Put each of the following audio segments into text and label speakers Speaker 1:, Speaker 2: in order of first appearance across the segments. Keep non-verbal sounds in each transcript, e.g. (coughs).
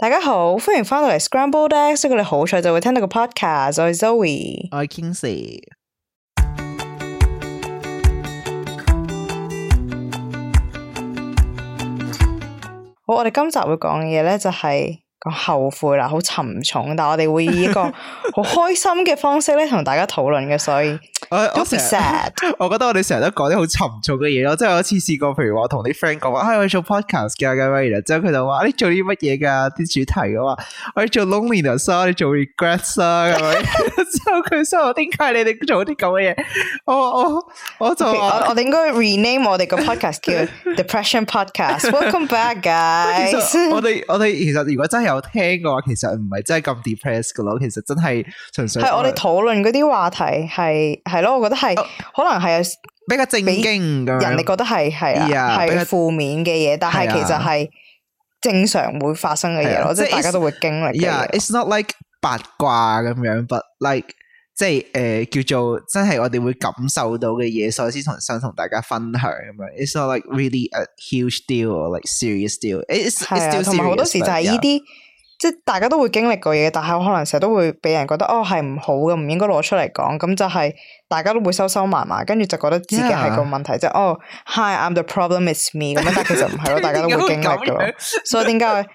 Speaker 1: 大家好，歡迎返到嚟 Scrambled Eggs。如果你好彩就會聽到個 podcast，我係 Zoe，我係 Kingsley。好，我哋今集會講嘅嘢咧，就係講後悔啦，好沉重，但係我哋會以一個好開心嘅方式咧，同大家討論嘅， (laughs) 所以。我我成
Speaker 2: 日，我覺得我哋成日都講啲好沉重嘅嘢咯。即係有一次試過，譬如我同啲 friend 講話，啊，我做 podcast 嘅，咁樣然之後佢就話，你做啲乜嘢噶？啲主題啊，我哋做 lonely 啊，sorry，做 regrets 啊，咁樣
Speaker 1: 之後佢話，點解你哋做啲咁嘅嘢？我我我就我我應該 rename 我哋個 podcast 叫 Depression Podcast？Welcome back, guys! 我
Speaker 2: 哋我哋其實如果真係有聽嘅話，其實唔係真係咁 depressed 噶咯。其實真係純粹係我哋
Speaker 1: 討論嗰啲話題係係。係咯，我覺得係、oh，可能係比，比較正經，人哋覺得係係係負面嘅嘢，yeah，但係其實係正常會發生嘅嘢咯，yeah，即係是大家都會經歷。Yeah，it's
Speaker 2: not like 八卦咁樣，but like 即係誒、呃、叫做真係我哋會感受到嘅嘢，所以先同想同大家分享咁樣。It's not like really a huge deal or like serious deal. It's 係啊，同埋好多時就係依啲。
Speaker 1: Yeah. 即係大家都會經歷過嘢，但係我可能成日都會俾人覺得哦係唔好嘅，唔應該攞出嚟講，咁就係大家都會收收埋埋，跟住就覺得自己係個問題，就哦 Hi，I'm the problem is me 咁樣，但係其實唔係咯，大家都會經歷嘅，所以點解？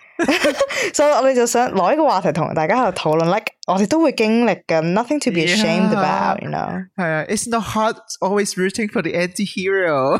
Speaker 1: 所以我哋就想攞呢個話題同大家喺度討論，like 我哋都會經歷嘅，nothing to be ashamed about，you know？
Speaker 2: 係啊，it's not hard always rooting for the anti-hero。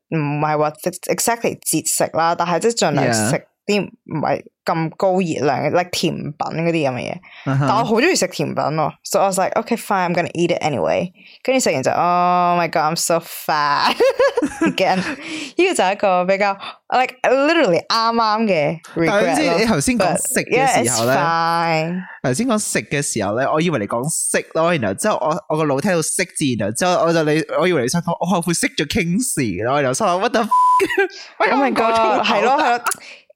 Speaker 1: 唔係話 exactly 節食啦，但係即係盡量食啲唔係，Yeah. 咁高熱量，like 甜品嗰啲咁嘅嘢，但我好中意食甜品咯，所以我就 like，ok fine，I'm gonna eat it anyway。跟住食完就，oh my god，I'm so fat again。呢個就係一個比較，like literally 啱啱嘅。但係你知你頭先
Speaker 2: 講食嘅時候咧，頭先講食嘅時候咧，我以為你講識咯，然後之後我我個腦聽到識字，然後之後我就你，我以為你想講我後悔識咗 Kingsley 咯，然後心諗 what
Speaker 1: the，我明講錯咗，係咯係咯。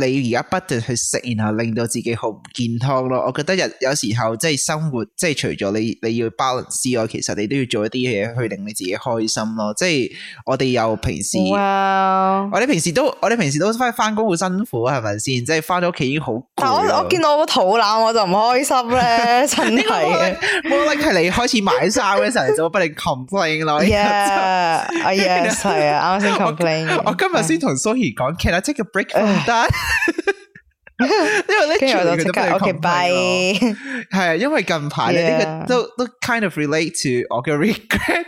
Speaker 2: 你而家不斷去食，然後令到自己好唔健康咯。我覺得有有時候即係生活，即係除咗你你要 balance 之外，其實你都要做一啲嘢去令你自己開心咯。即係我哋又平時，
Speaker 1: 我
Speaker 2: 哋平時都我哋平時都翻翻工好辛苦，係咪先？即係翻到屋企已經好攰。但我我見
Speaker 1: 到個肚腩，我就唔開心咧，真係。
Speaker 2: 冇 o r 係你開始買衫嗰陣時，我幫你 complain 咯。Yes，係啊，啱先 complain。我今日先同蘇怡講，Can I take a break (laughs) 因為咧，主要佢都係 confide 係啊，因為近排咧呢個都都 kind of relate to 我嘅 regret，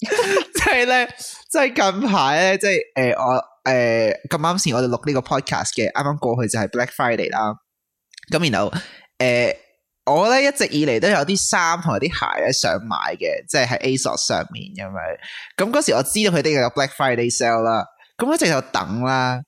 Speaker 2: 即係咧，即係近排咧，即係誒，我誒咁啱先，呃、我哋錄呢個 podcast 嘅啱啱過去就係 Black Friday 啦。咁然後誒、呃，我咧一直以嚟都有啲衫同埋啲鞋想買嘅，即、就、係、是、喺 ASOS 上面咁樣。咁、嗯、嗰、嗯嗯、時我知道佢啲有 Black Friday sale 啦，咁一直就等啦。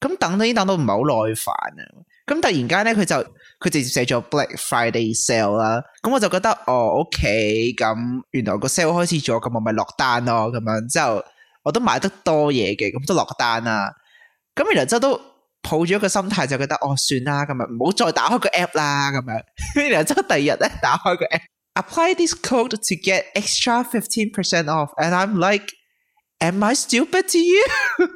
Speaker 2: 咁等到呢，等到唔係好耐煩啊！咁突然間咧，佢就佢直接寫咗 Black Friday sale 啦。咁我就覺得哦，OK，咁原來個 sale 開始咗，咁我咪落單咯。咁樣之後，我都買得多嘢嘅，咁都落單啦。咁原來之後都抱住一個心態就覺得哦，算啦，咁咪唔好再打開個 app 啦。咁樣，原來之後第二日咧，打開個 app，apply this code to get extra fifteen percent off，and I'm like，am I stupid to you？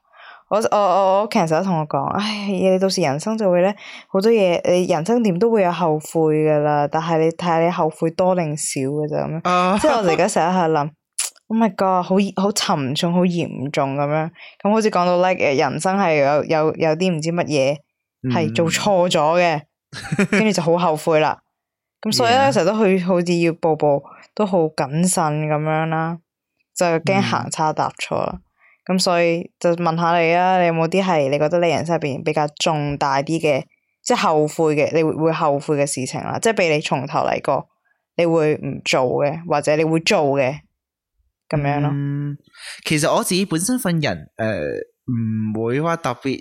Speaker 1: 我我我我屋企人成日同我講，唉，你到時人生就會咧好多嘢，你人生點都會有後悔噶啦，但係你睇下，你後悔多定少嘅咋？咁啦、uh,。即係我哋而家成日喺度諗，Oh my God，好好沉重，好嚴重咁樣，咁好似講到咧，人生係有有有啲唔知乜嘢係做錯咗嘅，跟住、嗯、就好後悔啦。咁 (laughs) 所以咧成日都去，好似要步步都好謹慎咁樣啦，就驚行差踏錯啦。嗯咁所以就問下你啊，你有冇啲係你覺得你人生入邊比較重大啲嘅，即係後悔嘅，你會會後悔嘅事情啦，即係俾你從頭嚟過，你會唔做嘅，或者你會做嘅，
Speaker 2: 咁樣咯、嗯。其實我自己本身份人，誒、呃，唔會話特別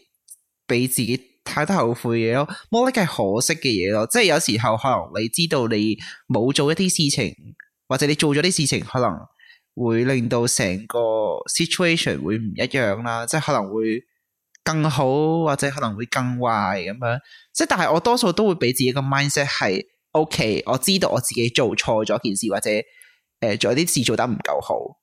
Speaker 2: 俾自己太多後悔嘢咯，冇乜嘅可惜嘅嘢咯。即係有時候可能你知道你冇做一啲事情，或者你做咗啲事情，可能。會令到成個 situation 會唔一樣啦，即係可能會更好，或者可能會更壞咁樣。即係但係我多數都會俾自己個 mindset 係 OK，我知道我自己做錯咗件事，或者誒、呃、做啲事做得唔夠好。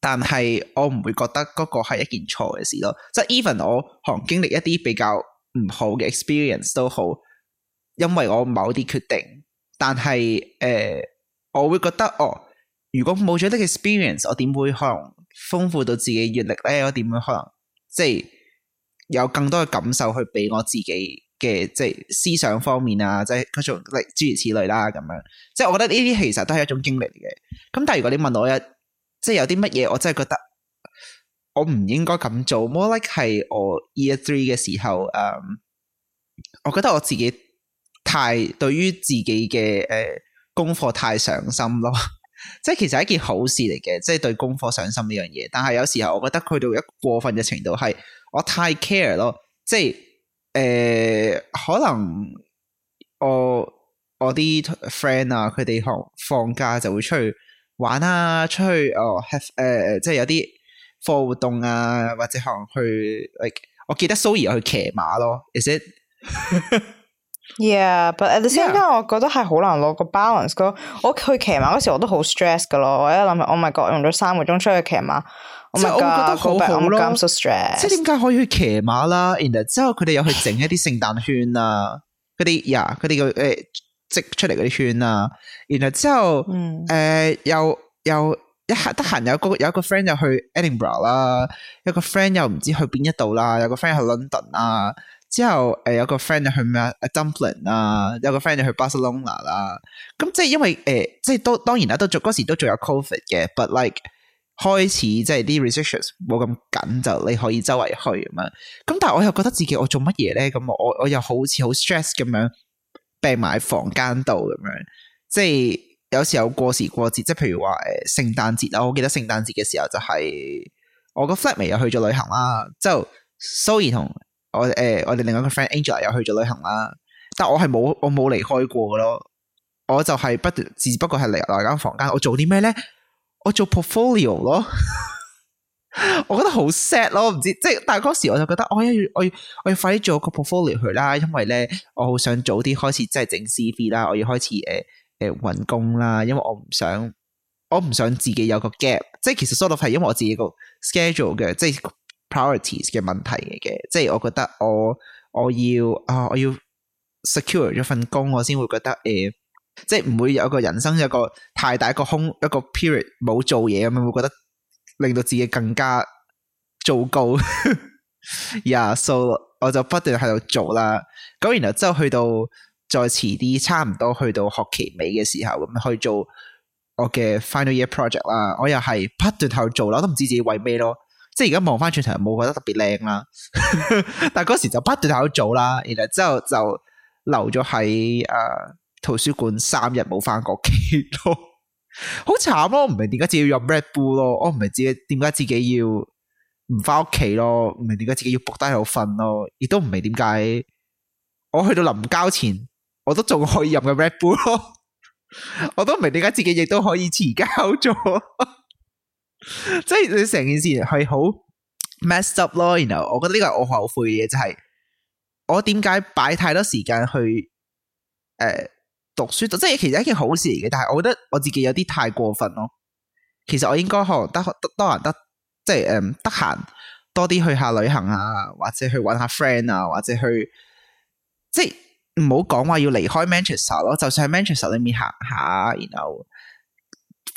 Speaker 2: 但係我唔會覺得嗰個係一件錯嘅事咯。即係 even 我可能經歷一啲比較唔好嘅 experience 都好，因為我某啲決定，但係誒、呃、我會覺得哦。如果冇咗啲 experience，我點會可能豐富到自己閱歷咧？我點會可能即係有更多嘅感受去俾我自己嘅即係思想方面啊，即係嗰種例如諸如此類啦、啊、咁樣。即係我覺得呢啲其實都係一種經歷嚟嘅。咁但係如果你問我一即係有啲乜嘢，我真係覺得我唔應該咁做。More like 係我 year three 嘅時候，嗯，我覺得我自己太對於自己嘅誒、呃、功課太上心咯。即係其實係一件好事嚟嘅，即係對功課上心呢樣嘢。但係有時候我覺得去到一個過分嘅程度係我太 care 咯。即係誒、呃，可能我我啲 friend 啊，佢哋學放假就會出去玩啊，出去哦誒、呃，即係有啲課活動啊，或者可能去，like, 我記得蘇怡去騎馬咯、Is it？ (laughs)
Speaker 1: Yeah，but at the same time，Yeah. 我覺得係好難攞個 balance 個。我去騎馬嗰時候我都好 stress 噶咯。我一諗，我咪講用咗三個鐘出去騎馬，我、oh、咪我覺得好好咯。即係點
Speaker 2: 解可以去騎馬啦？然後之後佢哋又去整一啲聖誕圈啊，嗰啲呀，佢哋嘅誒織出嚟嗰啲圈啊。然後之後誒、嗯呃、又又一閒得閒有個有一個 friend 又去 Edinburgh 啦，有個 friend 又唔知去邊一度啦，有個 friend 去 London 啊。之後誒、呃、有個 friend 就去咩啊，Dumpling 啊，有個 friend 就去 Barcelona 啦。咁、啊嗯、即係因為誒、呃，即係當當然啦，到做嗰時都仲有 covid 嘅，but like 開始即係啲 restrictions 冇咁緊就你可以周圍去咁嘛。咁但係我又覺得自己我做乜嘢咧？咁我我又好似好 stress 咁樣病埋房間度咁樣。即係有時候過時過節，即係譬如話誒聖誕節啊，我記得聖誕節嘅時候就係我個 flat 咪又去咗旅行啦。之後 s o r r y 同。我誒、欸，我哋另外一個 friend Angela 又去咗旅行啦，但我係冇我冇離開過咯，我就係不斷，只不過係嚟嚟間房間。我做啲咩咧？我做 portfolio 咯， (laughs) 我覺得好 sad 咯，我唔知即係，但係嗰時我就覺得我，我要我要我要快啲做個 portfolio 去啦，因為咧我好想早啲開始即係整 CV 啦，我要開始誒誒揾工啦，因為我唔想我唔想自己有個 gap，即係其實 sort of 係因為我自己個 schedule 嘅，即係。Priorities 嘅問題嚟嘅，即係我覺得我我要啊、哦，我要 secure 咗份工，我先會覺得誒、呃，即係唔會有個人生有一個太大一個空一個 period 冇做嘢咁樣，會覺得令到自己更加糟糕。Yeah, so 我就不斷喺度做啦，咁然後之後去到再遲啲，差唔多去到學期尾嘅時候咁樣去做我嘅 final year project 啦，我又係不斷喺度做啦，都唔知自己為咩咯。即係而家望翻轉頭，冇覺得特別靚啦。但係嗰時就不斷喺度做啦，然後之後就留咗喺誒圖書館三日冇翻過屋企咯，好慘咯！唔明點解自己要飲 Red Bull 咯？我唔明自己點解自己要唔翻屋企咯？唔明點解自己要伏低喺度瞓咯？亦都唔明點解我去到臨交前，我都仲可以飲緊 Red Bull 咯？ (laughs) 我都唔明點解自己亦都可以遲交咗。 (laughs) (laughs) 即係你成件事係好 mess up 咯，然後 you know? 我覺得呢個我後悔嘅就係、是、我點解擺太多時間去誒、呃、讀書，即係其實一件好事嚟嘅，但係我覺得我自己有啲太過分咯。其實我應該可能得得當然得，即係誒、嗯、得閒多啲去下旅行啊，或者去搵下 friend 啊，或者去即係唔好講話要離開 Manchester 咯，就算喺 Manchester 裏面行下，然後。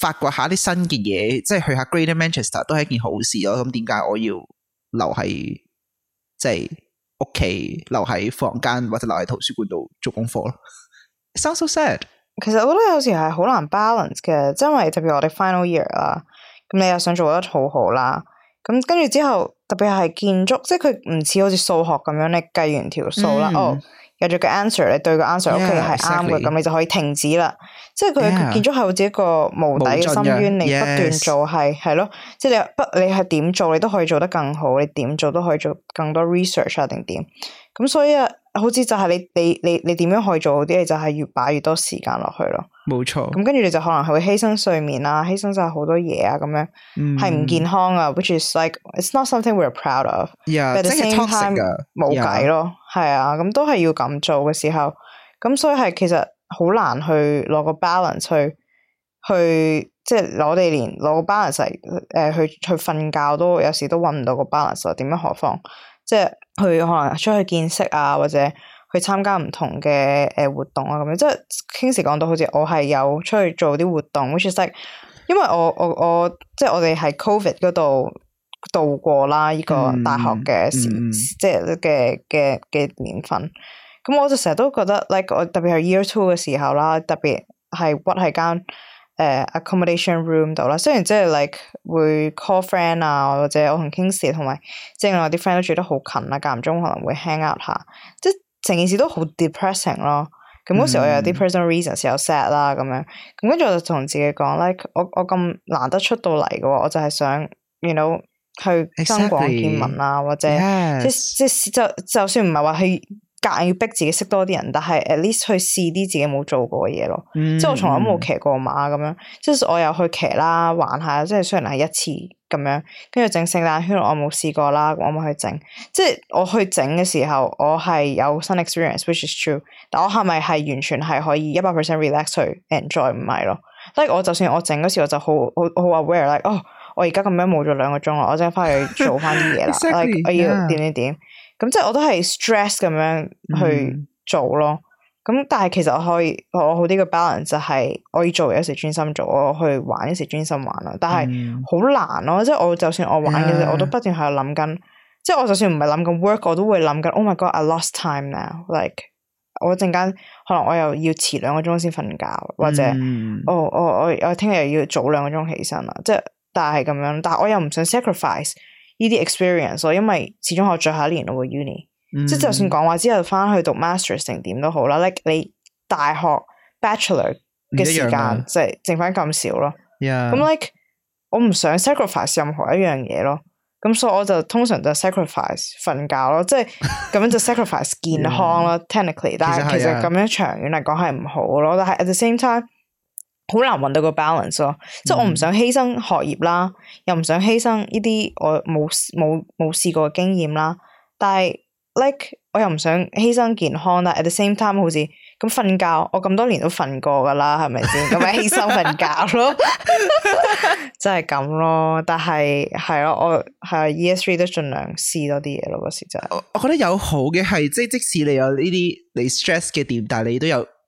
Speaker 2: 發掘下啲新嘅嘢，即係去下 Greater Manchester 都係一件好事咯。咁點解我要留喺即係屋企，留喺房間或者留喺圖書館度做功課咯
Speaker 1: so s o s a d 其實我覺得有時係好難 balance 嘅，因為特別我哋 final year 啦。咁你又想做得好好啦，咁跟住之後特別係建築，即係佢唔似好似數學咁樣，你計完條數啦哦。嗯 oh, 有咗個 answer，你對個 answer okay 係啱嘅，咁你就可以停止啦。即係佢建築係好似一個無底嘅深淵，你不斷做係係 Yes. 咯。即係你不你係點做，你都可以做得更好。你點做都可以做更多 research 啊？定點？咁所以啊。好似就係你你你你點樣去做嗰啲，你，你，你就係越擺越多時間落去咯。冇錯。咁跟住你就可能係會犧牲睡眠啊，犧牲晒好多嘢啊，咁樣係唔健康啊。Which is like it's not something we're proud of. Yeah，but sometimes，冇計咯。係啊，咁都係要咁做嘅時候，咁所以係其實好難去攞個 balance 去去即係攞地連攞個 balance 誒去、呃、去瞓覺都有時都搵唔到個 balance 啦。點樣何況？即係。去可能出去見識啊，或者去參加唔同嘅誒、呃、活動啊，咁樣即係，傾時講到好似我係有出去做啲活動好似 i 即係，mm hmm. 因為我我我即係我哋係 covid 嗰度度過啦，呢、這個大學嘅，mm hmm. 即係嘅嘅嘅年份，咁我就成日都覺得，like 我特別係 year two 嘅時候啦，特別係屈係間。誒，accommodation room 度啦，雖然即係 like 會 call friend 啊，或者我同 King Sir 同埋即係我啲 friend 都住得好近啊，間唔中可能會 hang out 下，即係成件事都好 depressing 咯。咁嗰時我有啲 present reasons 又 sad 啦咁樣，咁跟住我就同自己講，like 我我咁難得出到嚟嘅，我就係想 you know 去增廣見聞啊，或者即即就就算唔係話去。夾硬要逼自己識多啲人，但係 at least 去試啲自己冇做過嘅嘢咯。Mm. 即係我從來冇騎過馬咁樣，即係我又去騎啦，玩，玩下。即係雖然係一次咁樣，跟住整聖誕圈我冇試過啦，我冇去整。即係我去整嘅時候，我係有新 experience，which is true。但我係咪係完全係可以一百 percent relax 去 enjoy？唔係咯，即係我就算我整嗰時，我就好好好 aware，like 哦，我而家咁樣冇咗兩個鐘啦，我即刻翻去做翻啲嘢啦，我我要點點點。咁即係我都係 stress 咁樣去做咯，咁但係其實我可以我好啲嘅 balance，就係我要做有時專心做，我去玩有時專心玩啦。但係好難咯，即係我就算我玩嘅時候 Yeah. 我都不斷喺度諗緊，即係我就算唔係諗緊 work，我都會諗緊。Oh my god，I lost time now。Like 我一陣間可能我又要遲兩個鐘先瞓覺，或者、mm. 哦哦、我我我我聽日要早兩個鐘起身啦。即係但係係咁樣，但我又唔想 sacrifice。呢啲 experience，所以因為始終係我最後一年咯，個 uni，即係就算講話之後翻去讀 master 成點都好啦。like 你大學 bachelor 嘅時間即係剩翻咁少咯。咁 like 我唔想 sacrifice 任何一樣嘢咯。咁所以我就通常就 sacrifice 瞓覺咯，即係咁樣就 sacrifice 健康咯。Technically，但係其實咁樣長遠嚟講係唔好咯。但係 at the same time。好難揾到個 balance 咯，即係我唔想犧牲學業啦，嗯、又唔想犧牲呢啲我冇冇冇試過嘅經驗啦。但係 like 我又唔想犧牲健康啦。At the same time 好似咁瞓覺，我咁多年都瞓過噶啦，係咪先？咁咪犧牲瞓覺咯，真係咁咯。但係係、啊啊、咯，我係 ES3 都盡量試多啲嘢咯。嗰時就我
Speaker 2: 覺得有好嘅係，即係即使你有呢啲你 stress 嘅點，但係你都有。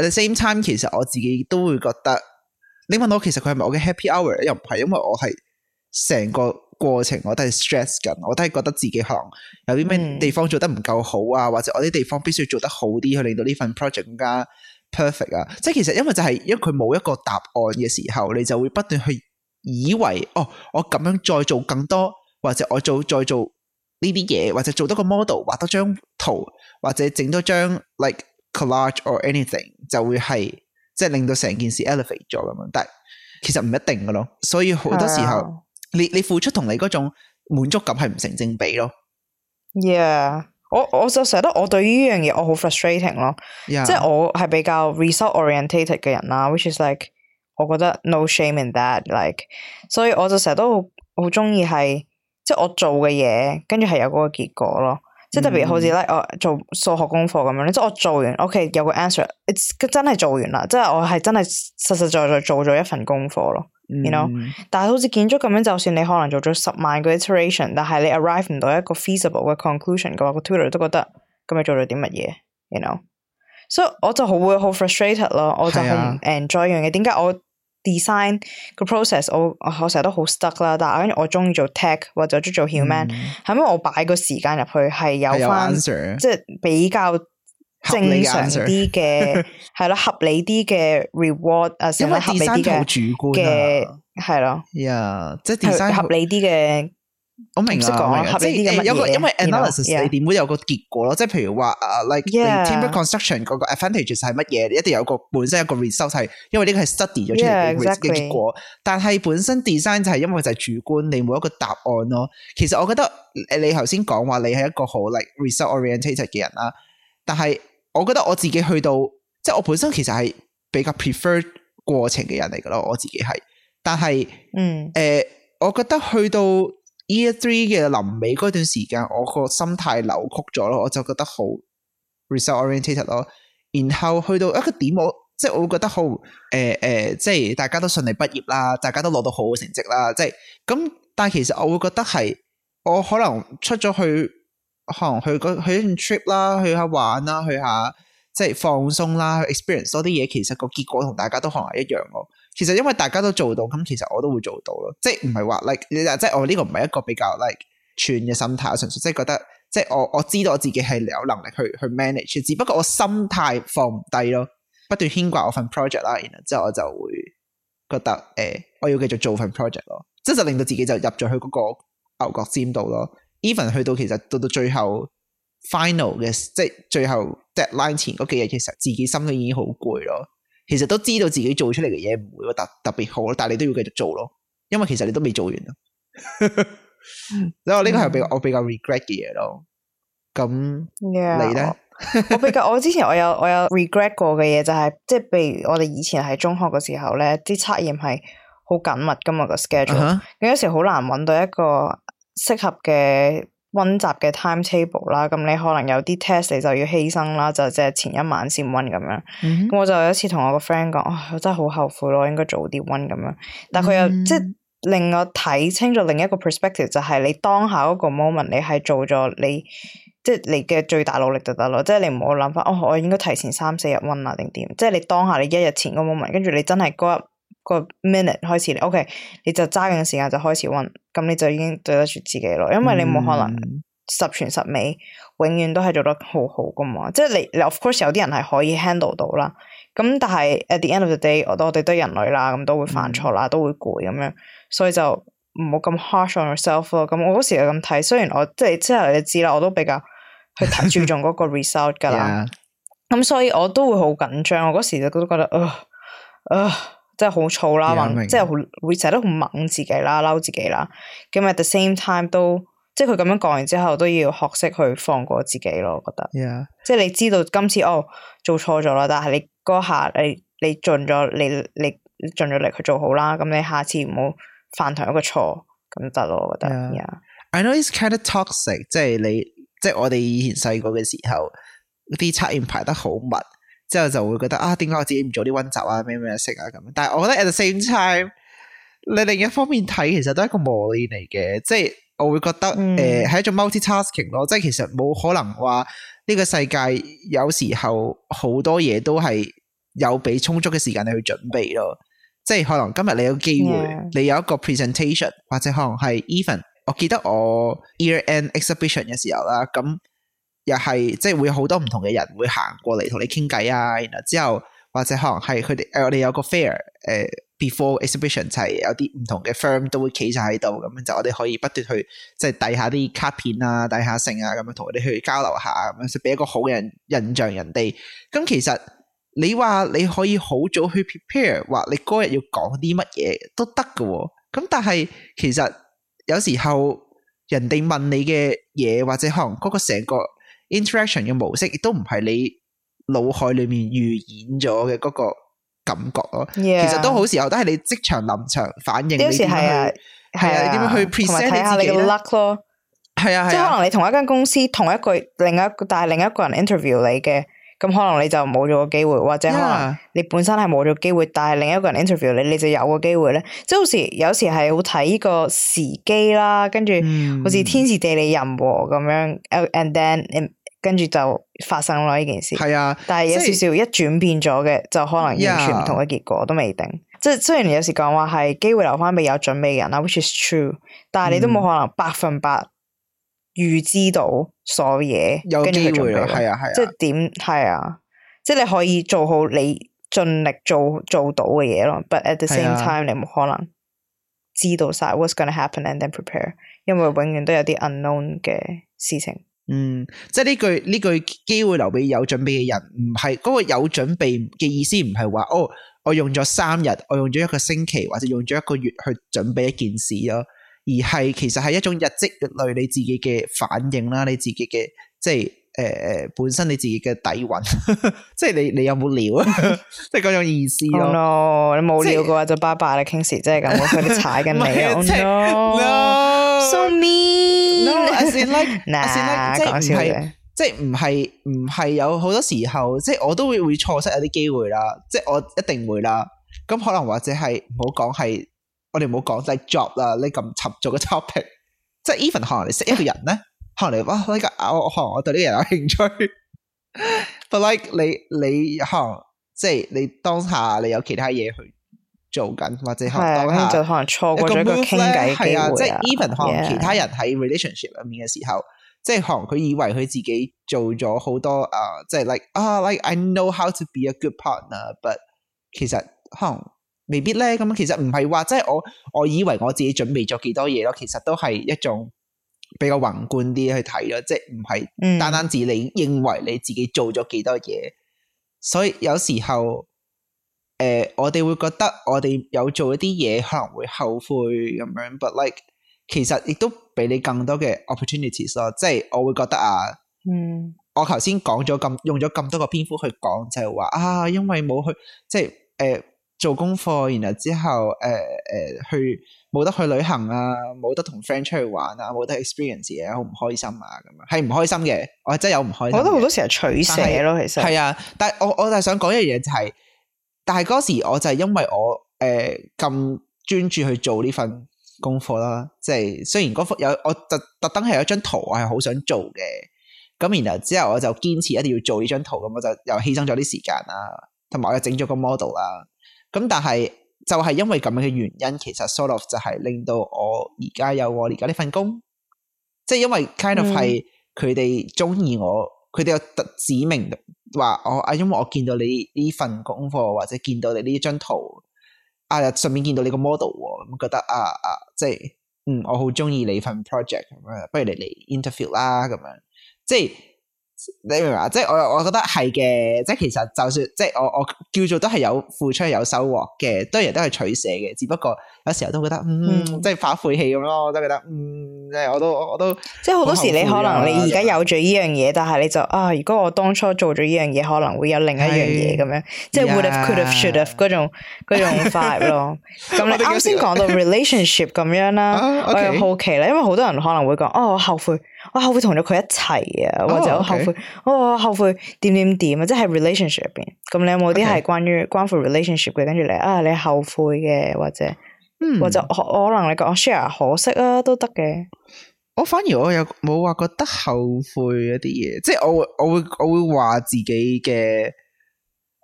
Speaker 2: At the same time，其實我自己都會覺得，你問我其實佢係咪我嘅 happy hour，又唔係，因為我係成個過程我都係 stress 緊，我都係覺得自己可能有啲咩地方做得唔夠好啊，嗯、或者我啲地方必須要做得好啲，去令到呢份 project 更加 perfect 啊！即係其實因為就係因為佢冇一個答案嘅時候，你就會不斷去以為哦，我咁樣再做更多，或者我做再做呢啲嘢，或者做多個 model，畫多張圖，或者整多張 like。collage or anything 就會係即係令到成件事 elevate 咗咁樣，但係其實唔一定噶咯。所以好多時候，Yeah. 你你付出同你嗰種滿足感係唔成正比咯。
Speaker 1: Yeah，我我就成日都我對於呢樣嘢我好 frustrating 咯。Yeah. 即係我係比較 result orientated 嘅人啦，which is like 我覺得 no shame in that。like 所以我就成日都好鍾意係即係我做嘅嘢，跟住係有嗰個結果咯。即係特別好似咧，我、mm. 哦、做數學功課咁樣即係我做完，O、OK, K 有個 answer，佢真係做完啦，即係我係真係實實在在做咗一份功課咯，你、mm. you know？但係好似建築咁樣，就算你可能做咗十萬個 iteration，但係你 arrive 唔到一個 feasible 嘅 conclusion 嘅話，個 tutor 都覺得咁你做咗啲乜嘢，你 you know？所、so, 以我就好會好 frustrated 咯，我就係唔 enjoy 樣嘢，點解、啊、我？design 個 process 我我成日都好 stuck 啦，但係跟住我中意做 tech 或者中意做 human，係咪、嗯、我擺個時間入去係有翻有即係比較正常啲嘅係咯，合理啲嘅 reward 啊，因為 d e s i 主觀啊，係咯，yeah, 即係是合理啲嘅。我明啊，即係有個因為 analysis you know, 你點
Speaker 2: 會有個結果咯，即係譬如話啊，like timber construction 嗰個 advantages 係乜嘢，你 Yeah. 一定有一個本身一個 result 係，因為呢個係 study 咗出嚟嘅結果。Yeah, exactly. 但係本身 design 就係因為就係主觀，你冇一個答案咯。其實我覺得你頭先講話你係一個好 like result orientated 嘅人啦，但係我覺得我自己去到，即係我本身其實係比較 prefer 過程嘅人嚟噶咯，我自己係。但係，嗯，誒、呃，我覺得去到。Year three 嘅臨尾嗰段時間，我個心態扭曲咗咯，我就覺得好 result orientated 咯。然後去到一個點，我即係我會覺得好誒誒，即係大家都順利畢業啦，大家都攞到好嘅成績啦。即係咁，但係其實我會覺得係，我可能出咗去可能去去，去，去一段 trip 啦，去下玩啦，去下即係放鬆啦，去 experience 多啲嘢。其實個結果同大家都可能係一樣個。其實因為大家都做到，咁其實我都會做到咯。即係唔係話 like，即係我呢個唔係一個比較 like 串嘅心態，純粹即係覺得，即係我我知道我自己係有能力去去 manage，只不過我心態放唔低咯，不斷牽掛我份 project 啦。然後之後我就會覺得誒、欸，我要繼續做份 project 咯。即係就令到自己就入咗去嗰個牛角尖度咯。even 去到其實到到最後 final 嘅，即係最後 deadline 前嗰幾日，其實自己心裏已經好攰咯。其實都知道自己做出嚟嘅嘢唔會特特別好咯，但係你都要繼續做咯，因為其實你都未做完啊。 (laughs) 所以我呢個係比、嗯、我比較 regret 嘅嘢咯。咁你咧 (laughs) ？
Speaker 1: 我比較我之前我有我有 regret 過嘅嘢就係、是，即、就、係、是、譬如我哋以前喺中學嘅時候咧，啲測驗係好緊密噶嘛個 schedule，咁、uh huh. 有時好難揾到一個適合嘅。溫習嘅 timetable 啦，咁你可能有啲 test 你就要犧牲啦，就即係前一晚先溫咁樣。咁我就有一次同我個 friend 講，哦，我真係好後悔咯，應該早啲溫咁樣。但佢又即係令我睇清咗另一個 perspective，就係你當下嗰個 moment 你係做咗你即係你嘅最大努力就得咯，即係你唔好諗翻哦，我應該提前三四日溫啊定點，即係你當下你一日前個 moment，跟住你真係嗰、那個個 minute 開始，OK，你就揸緊時間就開始溫，咁你就已經對得住自己咯。因為你冇可能十全十美，永遠都係做得好好噶嘛。即係你，你 of course 有啲人係可以 handle 到啦。咁但係 at the end of the day，我我哋都係人類啦，咁都會犯錯啦，嗯、都會攰咁樣。所以就唔好咁 harsh on yourself 咯。咁我嗰時就咁睇，雖然我即係之後你知啦，我都比較去注重嗰個 result 噶啦。咁 (laughs) Yeah. 所以我都會好緊張。我嗰時就都覺得啊、呃、啊！呃呃真係好燥啦，猛，yeah, I mean. 即係會成日都好猛自己啦，嬲自己啦。咁 at the same time 都即係佢咁樣講完之後，都要學識去放過自己咯。我覺得，Yeah. 即係你知道今次哦做錯咗啦，但係你嗰下你你盡咗你你盡咗力去做好啦，咁你下次唔好犯同一個錯咁得咯。我覺得 Yeah. Yeah.
Speaker 2: ，I know it's kind of toxic，即係你即係我哋以前細個嘅時候，啲測驗排得好密。之後就會覺得啊，點解我自己唔做啲溫習啊，咩咩識啊？咁？但係我覺得 at the same time，你另一方面睇，其實都係一個磨練嚟嘅，即係我會覺得誒係、呃、一種 multi-tasking 咯，asking, 即係其實冇可能話呢個世界有時候好多嘢都係有俾充足嘅時間你去準備咯，即係可能今日你有機會，嗯、你有一個 presentation 或者可能係 even，我記得我 year end exhibition 嘅時候啦，咁。又係即係會有好多唔同嘅人會行過嚟同你傾偈啊，然之後或者可能係佢哋誒我哋有個 fair 誒、呃、before exhibition 係有啲唔同嘅 firm 都會企晒喺度，咁樣就我哋可以不斷去即係遞下啲卡片啊、遞下剩啊，咁樣同佢哋去交流下，咁樣先俾一個好嘅印象人哋。咁、嗯、其實你話你可以好早去 prepare，話你嗰日要講啲乜嘢都得嘅、哦，咁、嗯、但係其實有時候人哋問你嘅嘢或者可能嗰個成個 interaction 嘅模式，亦都唔係你腦海裏面預演咗嘅嗰個感覺咯。Yeah. 其實都好時候都係你即場臨場反應。有時係啊，
Speaker 1: 係啊，點樣呀呀去 present 睇下你嘅 luck 咯？係啊，即係可能你同一間公司同一個另一個但係另一個人 interview 你嘅，咁可能你就冇咗個機會，或者可能你本身係冇咗機會，但係另一個人 interview 你，你就有個機會咧。即係有時有時係好睇呢個時機啦，跟住好似天時地利人和咁樣。And then, then, and then 跟住就發生啦呢件事。係啊，但係有少少一轉變咗嘅，以就可能完全唔同嘅結果 Yeah. 都未定。即係雖然有時講話係機會留翻俾有準備嘅人啦，which is true，但係你都冇可能百分百預知到所、嗯、有嘢。跟住有機會咯，係啊係啊，啊，即係點係啊，即係你可以做好你盡力做做到嘅嘢咯。But at the same time，、啊、你冇可能知道晒 what's going to happen and then prepare，因為永遠都有啲 unknown 嘅事情。
Speaker 2: 嗯，即係呢句呢句機會留俾有準備嘅人，唔係嗰個有準備嘅意思，唔係話哦，我用咗三日，我用咗一個星期，或者用咗一個月去準備一件事咯，而係其實係一種日積月累你自己嘅反應啦，你自己嘅即係誒誒本身你自己嘅底蘊， (laughs) 即係你你有冇料
Speaker 1: 啊？即係嗰種意思咯。就是，拜拜你冇料嘅話就拜拜啦，King Sir，即係咁佢哋踩緊你。No. (laughs) so mean，no，I mean like，I mean like，即係唔係，
Speaker 2: (laughs) 即係唔係，唔係，有好多時候，即係我都會會錯失有啲機會啦，即係我一定會啦。咁可能或者係唔好講係，我哋唔好講制 job 啦。你咁沉重嘅 topic，即係 even 可能你識一個人咧， (laughs) 可能你，哇，呢個，我可能我對呢個人有興趣，但 (laughs) 係 like 你，你可能即係你當下你有其他嘢去。做緊或者學當就可能錯過咗個傾偈係啊，即係是 even Yeah. 可能其他人喺 relationship 入面嘅時候，即係可能佢以為佢自己做咗好多啊，即、uh, 係 like 啊、oh，like I know how to be a good partner，but 其實可能未必咧。咁其實唔係話即係我，我以為我自己準備咗幾多嘢咯。其實都係一種比較宏觀啲去睇咯，即係唔係單單止你認為你自己做咗幾多嘢。Mm. 所以有時候。誒、呃，我哋會覺得我哋有做一啲嘢，可能會後悔咁樣，but like，其實亦都俾你更多嘅 opportunities 咯，即係我會覺得啊，嗯我，我頭先講咗咁用咗咁多個篇幅去講，就係、是、話啊，因為冇去即係誒、呃、做功課，然後之後誒誒、呃、去冇得去旅行啊，冇得同 friend 出去玩啊，冇得 experience 嘢，好唔開心啊，咁樣係唔開心嘅，我真係有唔開心，我覺得好多時係取捨咯，是其實係啊，但係我我就係想講一樣嘢就係。但係嗰時我就係因為我誒咁專注去做呢份功課啦，即係雖然嗰幅有我特特登係有一張圖，我係好想做嘅，咁然後之後我就堅持一定要做呢張圖，咁我就又犧牲咗啲時間啦，同埋我又整咗個 model 啦，咁但係就係因為咁樣嘅原因，其實 sort of 就係令到我而家有我而家呢份工，即係因為 kind of 係佢哋中意我，佢哋有特指明。話我啊，因為我見到你呢份功課，或者見到你呢張圖啊，順便見到你個 model，咁覺得啊啊，即係嗯，我好鍾意你份 project，咁啊，不如你嚟 interview 啦，咁樣即係。你明唔明？即係我，我覺得係嘅。即係其實就算，即係我，我叫做都係有付出，有收穫嘅，當然都人都係取捨嘅。只不過有時候都覺得，嗯，嗯即係發晦氣咁咯。我都係覺得，嗯，我都我都，即係好多時你可能你而家
Speaker 1: 有咗呢樣嘢，啊、但係你就啊，如果我當初做咗呢樣嘢，可能會有另一樣嘢咁樣。是即係 would have could have should have 嗰 (laughs) 種嗰種 vibe 咯。咁 (laughs) 你啱先講到 relationship 咁樣啦， (laughs) Okay. 我好奇啦，因為好多人可能會講，哦，我後悔。我後悔同咗佢一齊啊，或者我後悔，我、oh, okay. 後悔點點點啊，即係 relationship 入邊。咁你有冇啲係關於 Okay. 關乎 relationship 嘅？跟住你啊，你後悔嘅或者，hmm. 或者可可能你講 share 可惜啊都得嘅。我反而我有冇話覺得後悔一
Speaker 2: 啲嘢，即係我，我，我會我會我會話自己嘅，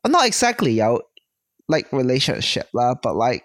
Speaker 2: 我 not exactly 有 like relationship 啦，but like。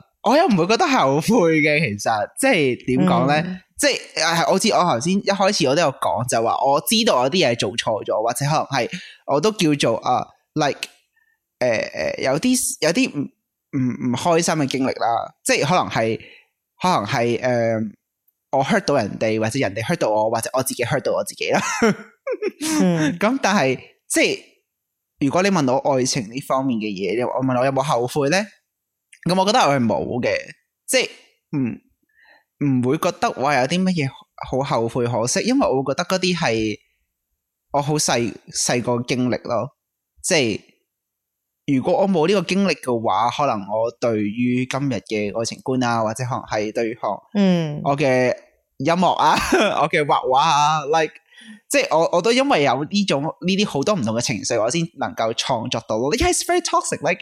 Speaker 2: 我又唔會覺得後悔嘅，其實即係點講咧？即係、mm hmm. 我知，我頭先一開始我都有講，就話、是、我知道我啲嘢做錯咗，或者可能係我都叫做啊、uh,，like 誒、呃、誒，有啲有啲唔唔唔開心嘅經歷啦。即係可能係可能係誒，uh, 我 hurt 到人哋，或者人哋 hurt 到我，或者我自己 hurt 到我自己啦。咁、 (laughs) mm hmm. 但係即係如果你問我愛情呢方面嘅嘢，我問我有冇後悔咧？咁我覺得我係冇嘅，即係唔唔會覺得我有啲乜嘢好後悔可惜，因為我覺得嗰啲係我好細細個經歷咯。即係如果我冇呢個經歷嘅話，可能我對於今日嘅愛情觀啊，或者可能係對於，嗯，我嘅音樂啊， (laughs) 我嘅畫畫啊，like 即係我我都因為有呢種呢啲好多唔同嘅情緒，我先能夠創作到咯。y e、like, it's very toxic, like.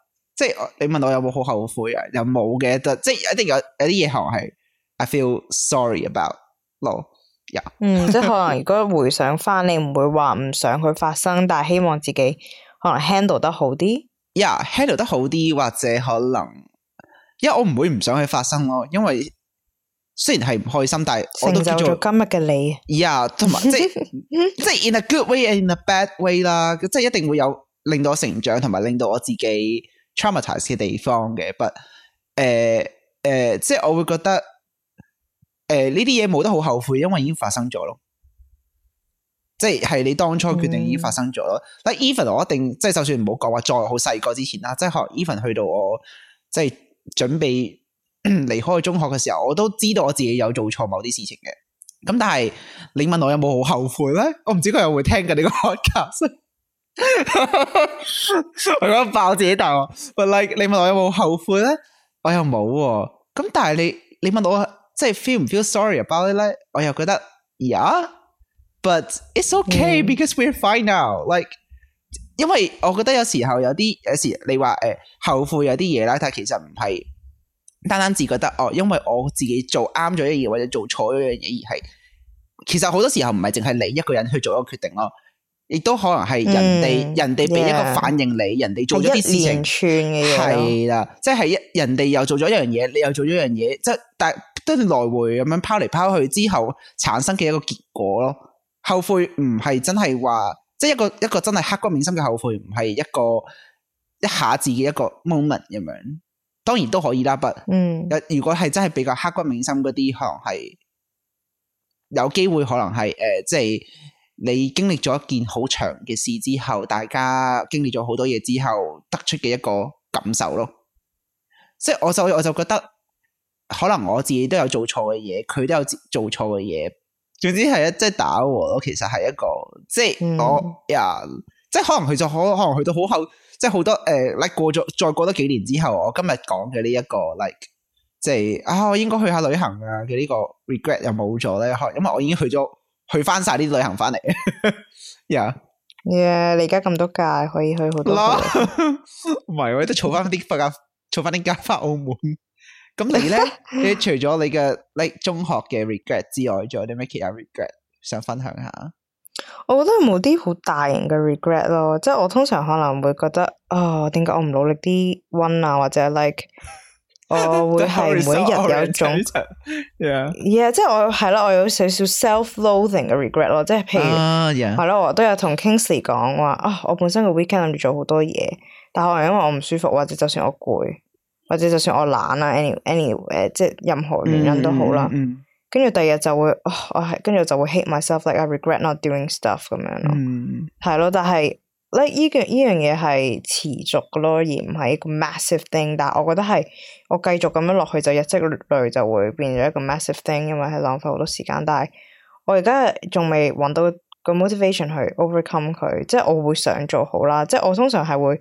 Speaker 2: 即係你問我有冇好後悔啊？有
Speaker 1: 冇嘅，但即係一定有有啲嘢係我係 I feel sorry about 咯。呀、yeah.，嗯，即係可能如果回想翻， (laughs) 你唔會話唔想佢發生，但係希望自己可能 handle 得好啲？yeah, handle 得好啲。呀，handle 得好啲，或者可能，
Speaker 2: 因為我唔會唔想佢發生咯。因為雖然係唔開心，但係成就咗今日嘅你。呀、yeah,，同埋 (laughs) 即係 in a good way and in a bad way 啦，即係一定會有令到我成長，同埋令到我自己。traumatize 嘅地方嘅，but 誒、誒，即係我會覺得誒呢啲嘢冇得好後悔，因為已經發生咗咯。即係係你當初決定已經發生咗咯。嗯、但 even 我一定即係就算唔好講話再好細個之前啦，即係學 even 去到我即係準備離 (coughs) 開中學嘅時候，我都知道我自己有做錯某啲事情嘅。咁但係你問我有冇好後悔咧？我唔知佢有冇聽嘅呢個 podcast。 (laughs) 我而家爆自己頭 l、like，你問我有冇後悔呢？我又冇喎、啊。咁但係你，你問我即係 feel 唔 feel sorry about it 呢？我又覺得，yeah，but it's okay S、嗯、because we're fine now。like 因為我覺得有時候有啲有時你話誒後悔有啲嘢啦，但係其實唔係單單只覺得哦，因為我自己做啱咗一樣嘢，或者做錯咗樣嘢，而係其實好多時候唔係淨係你一個人去做一個決定咯。亦都可能係人哋、嗯、人哋俾一個反應你，yeah, 人哋做咗啲事情，係啦了，即係一，人哋又做咗一樣嘢，你又做咗一樣嘢，即係但係都係來回咁樣拋嚟拋去之後產生嘅一個結果咯。後悔唔係真係話，即係一個一個真係刻骨銘心嘅後悔，唔係一個一下子嘅一個 moment 咁樣，當然都可以啦，不，嗯，如果係真係比較刻骨銘心嗰啲，可能係有機會，可能係誒、呃，即係。你經歷咗一件好長嘅事之後，大家經歷咗好多嘢之後，得出嘅一個感受咯。即係我就我就覺得，可能我自己都有做錯嘅嘢，佢都有做做錯嘅嘢。總之係一即係打和咯。其實係一,一個即係我、嗯、Yeah, 即係可能佢就可可能去到好後，即係好多誒。like、呃、過咗再過多幾年之後，我今日講嘅呢一個 like，即係啊，我應該去下旅行啊嘅呢、這個 regret 又冇咗咧，可能因為我已經去咗。去翻晒啲旅行翻嚟 (laughs) ，yeah
Speaker 1: yeah，你而家咁多屆可以去好多 (laughs) 、
Speaker 2: 嗯，唔係我都儲翻啲份，儲翻啲假翻澳門。咁 (laughs) 你咧呢， (laughs) 你除咗你嘅 like 中學嘅 regret 之外，仲有啲咩其他 regret 想分享下？
Speaker 1: 我覺得冇啲好大型嘅 regret 咯，即係我通常可能會覺得啊，哦、點解我唔努力啲溫啊，或者 like。 (laughs) 我會係每一日有一種，yeah，yeah，即係我係咯，我有少少 self-loathing 嘅 regret 咯，即係譬如係咯，我都有同 Kingsley 講話，啊，我本身個 weekend 諗住做好多嘢，但可能因為我唔舒服，或者就算我攰，或者就算我懶啊，any，any 誒，即係任何原因都好啦，跟住第二日就會，我係跟住我就會 hate myself，like I regret not doing stuff 咁樣咯，係咯，但係。呢依件依樣嘢係持續嘅咯，而唔係一個 massive thing。但係我覺得係我繼續咁樣落去，就日積月累就會變咗一個 massive thing，因為係浪費好多時間。但係我而家仲未搵到個 motivation 去 overcome 佢，即係我會想做好啦。即係我通常係會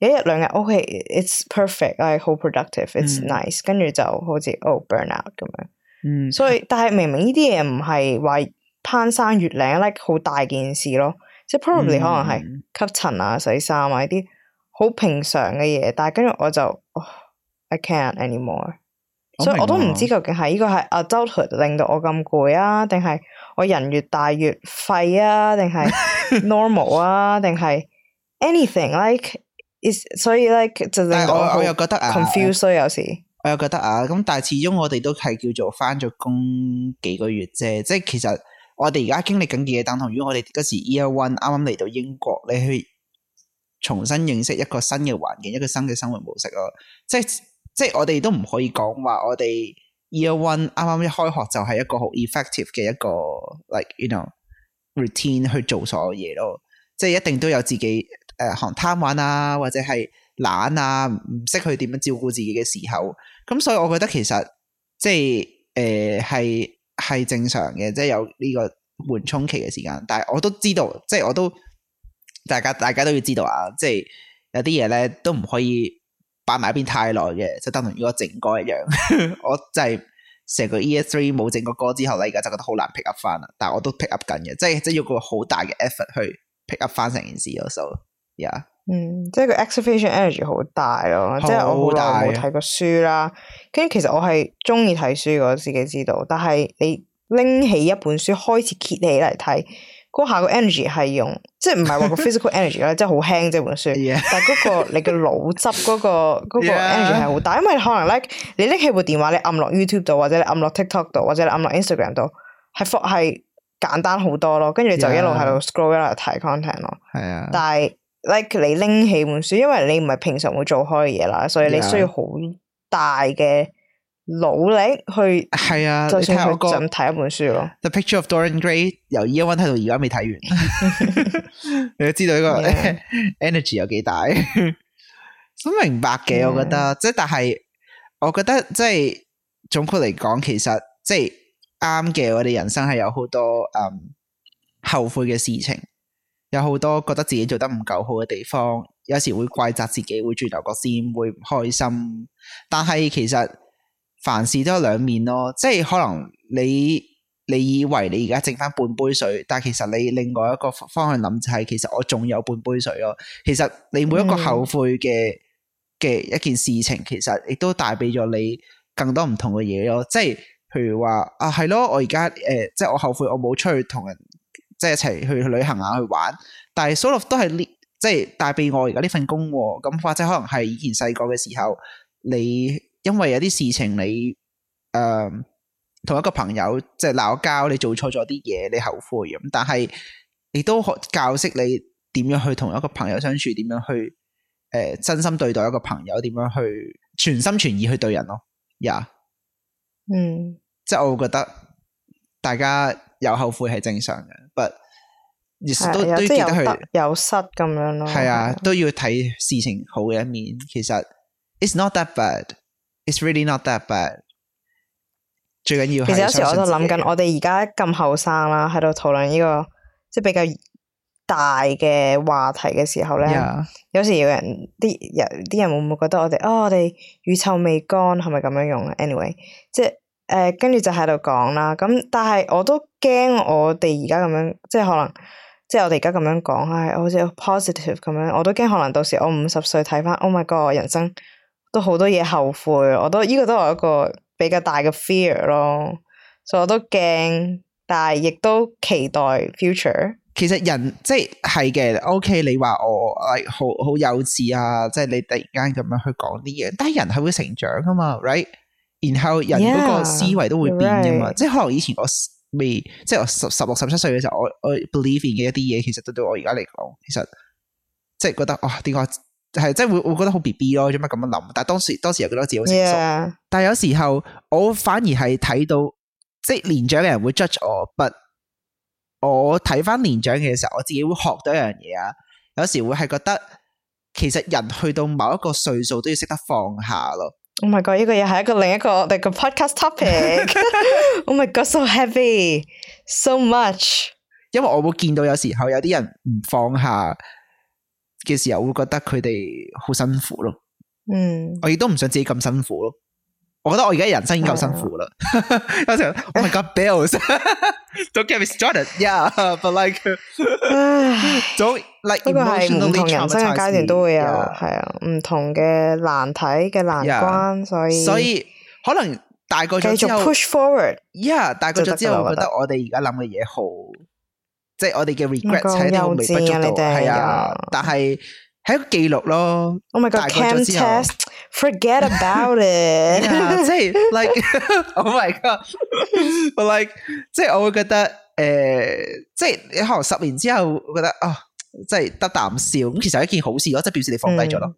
Speaker 1: 一日兩日，OK，it's、okay, perfect，I、like, h 好 productive，it's nice，跟住、嗯、就好似 oh burn out 咁樣。嗯。所以，但係明明呢啲嘢唔係話攀山越嶺 like 好大件事咯。即係 probably 可能係吸塵啊、洗衫啊呢啲好平常嘅嘢，但係跟住我就 I can't anymore，所以我都唔知究竟係呢個係 adulthood 令到我咁攰啊，定係我人越大越廢啊，定係 normal 啊，定係 (laughs) anything like is, 所以咧就令我 (laughs) 但我又覺得 confused 所以有時
Speaker 2: 我又覺得啊，咁時、啊、但係始終我哋都係叫做返咗工幾個月啫，即係其實。我哋而家經歷緊嘅嘢，等同如果我哋嗰時 Year One 啱啱嚟到英國，你去重新認識一個新嘅環境，一個新嘅生活模式咯。即係即係我哋都唔可以講話我哋 Year One 啱啱一開學就係一個好 effective 嘅一個 like you know routine 去做所有嘢咯。即係一定都有自己誒、呃，貪玩啊，或者係懶啊，唔識去點樣照顧自己嘅時候。咁所以我覺得其實即係誒係。呃係正常嘅，即係有呢個緩衝期嘅時間。但係我都知道，即係我都大家大家都要知道啊！即係有啲嘢咧都唔可以擺埋一邊太耐嘅，就等同如果整個歌一樣。 (laughs) 我就係成個 E S three 冇整過歌之後呢，我而家就覺得好難 pick up 翻啦。但我都 pick up 緊嘅，即係即係要個好大嘅 effort 去 pick up 翻成件事。So
Speaker 1: yeah。嗯，即係個 exhibition energy 好大咯，大即係我好耐冇睇過書啦。跟住其實我係中意睇書，我自己知道。但係你拎起一本書開始揭起嚟睇，嗰下個 energy 係用，即係唔係話個 physical energy 啦，即係好輕，即本書， (laughs) 但係嗰個你嘅腦汁嗰、嗰個、嗰個 energy 係好大。因為可能咧、like，你拎起部電話，你按落 YouTube 度，或者你按落 TikTok 度，或者你按落 Instagram 度，係复係簡單好多咯。跟住你就一路喺度 scroll 一路睇 content 咯。係啊，但係。Like 你拎起本書，因為你唔係平常會做開嘅嘢啦，Yeah. 所以你需要好大嘅努力去係啊，就聽歌，就睇一本書咯。The Picture of
Speaker 2: Dorian Gray 由 Ian 睇到而家未睇完，你都知道呢、這個
Speaker 1: energy
Speaker 2: Yeah. (laughs) 有幾大？ (laughs) 都明白嘅，我覺得即係，但係我覺得即係，總括嚟講，其實即係啱嘅。正正我哋人生係有好多嗯後悔嘅事情。有好多覺得自己做得唔夠好嘅地方，有時會怪責自己，會轉頭角先會唔開心。但係其實凡事都有兩面咯，即係可能你你以為你而家剩翻半杯水，但係其實你另外一個方向諗就係、是，其實我仲有半杯水咯。其實你每一個後悔嘅嘅、嗯、一件事情，其實亦都帶俾咗你更多唔同嘅嘢咯。即係譬如話啊，係咯，我而家誒，即係我後悔我冇出去同人。即係一齊去去旅行啊，去玩。但係 Solo 都係呢，即係帶俾我而家呢份工。咁或者可能係以前細個嘅時候，你因為有啲事情你誒同、呃、一個朋友即係鬧交，你做錯咗啲嘢，你後悔咁。但係你都可教識你點樣去同一個朋友相處，點樣去誒、呃、真心對待一個朋友，點樣去全心全意去對人咯。呀、呃，嗯，即係我覺得大家。有後悔係正常嘅，but 亦都、啊、都記得佢有得，
Speaker 1: 有失咁樣咯。係啊，
Speaker 2: 都要睇事情好嘅一面。其實 It's not that bad. It's really not that bad 最。最緊要其實有時我，我、啊這個、就諗緊，我
Speaker 1: 哋而家咁後生啦，喺度討論呢個即係比較大嘅話題嘅時候咧，Yeah. 有時有人啲人啲人，人會唔會覺得我哋啊、哦、我哋乳臭未乾係咪咁樣用啊？Anyway，即係。誒，跟住、uh, 就喺度講啦，咁但係我都驚我哋而家咁樣，即係可能，即係我哋而家咁樣講，係、哎、好似 positive 咁樣，我都驚可能到時我五十歲睇翻，Oh my God，人生都好多嘢後悔，我都呢、這個都係一個比較大嘅 fear 咯，所以我都驚，但係亦都期待 future。其實人即係嘅，OK，你話我
Speaker 2: 好好幼稚啊，即係你突然間咁樣去講啲嘢，但係人係會成長噶嘛，right？然後人嗰個思維都會變噶嘛，yeah, right. 即係可能以前我未，即係我十十六十七歲嘅時候，我我 believe 嘅一啲嘢，其實都對我而家嚟講，其實即係覺得，哦，點解係，即係會會覺得好 B B 咯，做乜咁樣諗？但係當時當時又覺得自己好成熟。Yeah. 但係有時候我反而係睇到，即係年長嘅人會 judge 我 but，我睇翻年長嘅時候，我自己會學到一樣嘢啊，有時會係覺得，其實人去到某一個歲數都要識得放下咯。
Speaker 1: Oh my god！呢個又係一個另一個另一個 podcast topic。
Speaker 2: (laughs) Oh my god！so heavy，so much。因為我會見到有時候有啲人唔放下嘅時候，會覺得佢哋好辛苦咯。嗯，mm. 我亦都唔想自己咁辛苦咯。我覺得我而家人生已經夠辛苦啦。Oh my god, bills, don't get me started. Yeah, but like，咁，嗱，呢個係唔同人生嘅階段都會有，
Speaker 1: 係啊，唔同嘅難題嘅難關，所以所以
Speaker 2: 可能大個咗，繼續 push forward。Yeah，大個咗之後，我覺得我
Speaker 1: 哋而家諗嘅
Speaker 2: 嘢好，即係我哋嘅 regret 係都微不足道，係啊，但係。係一個記錄咯，oh、my God, 大咗之後 test，forget about it，即係 like，oh my god，like，即係我會覺得，誒、呃，即係可能十年之後，我覺得啊、哦，即係得啖笑，咁其實係一件好事咯，即、就、係、是、表示你放低咗咯。Mm.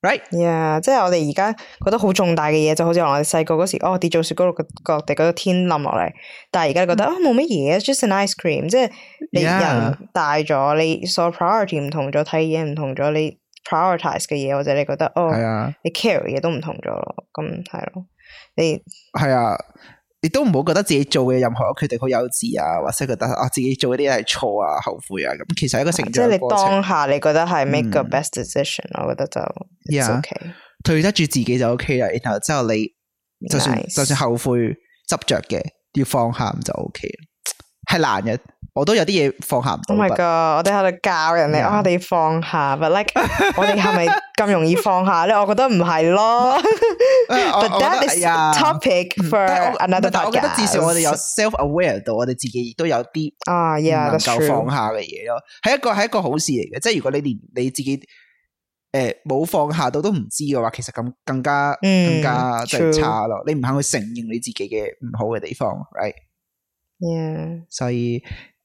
Speaker 1: Right，呀，yeah, 即係我哋而家覺得好重大嘅嘢，就好似我哋細個嗰時，哦，跌咗雪糕落個地，個天冧落嚟。但係而家你覺得，mm hmm. 哦，冇乜嘢，just an ice cream。即係你人大咗 Yeah.，你所 priority 唔同咗，睇嘢唔同咗，你 prioritize 嘅嘢，或者你覺得，哦，Yeah. 你 care 嘅嘢都唔同咗咯。咁係咯，你係啊。Yeah. 你都唔好覺得自己做嘅任何決定好幼稚啊，
Speaker 2: 或者覺得啊自己做嗰啲係錯啊，後悔啊咁，其實一個成長，啊，即係你當下你覺得係 make the best decision，嗯，我覺得就 yeah，對得住自己就 OK 啦，然後之後你就算 Be nice. 就算後悔執着嘅，要放下就 OK，
Speaker 1: 係難嘅。我都有啲嘢放下唔到。Oh my god，我哋喺度教人哋啊，我哋放下，but like 我哋係咪咁容易放下咧？我覺得唔係咯。The topic for another day。至少我哋有
Speaker 2: self aware 度，我哋自己亦都有啲啊，唔能夠放下嘅嘢咯，係一個係一個好事嚟嘅。即係如果你連你自己誒冇放下到都唔知嘅話，其實咁更加更加即係差咯。你唔肯去承認你自己嘅唔好嘅地方，right？
Speaker 1: 嗯，
Speaker 2: 所以。